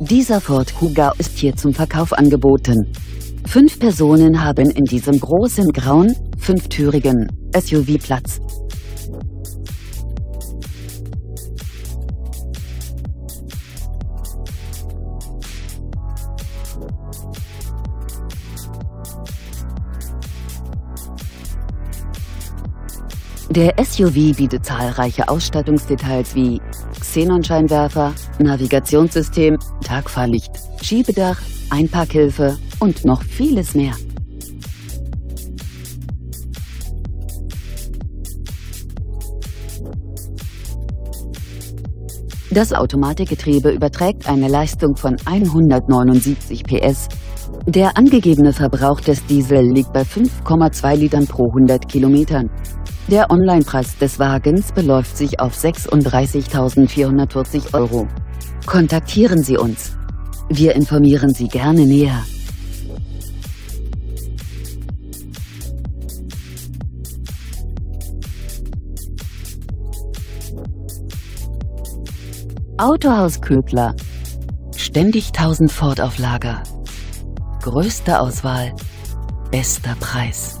Dieser Ford Kuga ist hier zum Verkauf angeboten. Fünf Personen haben in diesem großen grauen, fünftürigen SUV Platz. Der SUV bietet zahlreiche Ausstattungsdetails wie Xenonscheinwerfer, Navigationssystem, Tagfahrlicht, Schiebedach, Einparkhilfe und noch vieles mehr. Das Automatikgetriebe überträgt eine Leistung von 179 PS. Der angegebene Verbrauch des Diesel liegt bei 5,2 Litern pro 100 Kilometern. Der Onlinepreis des Wagens beläuft sich auf 36.440 Euro. Kontaktieren Sie uns. Wir informieren Sie gerne näher. Autohaus Köbler. Ständig 1000 Ford auf Lager. Größte Auswahl, bester Preis.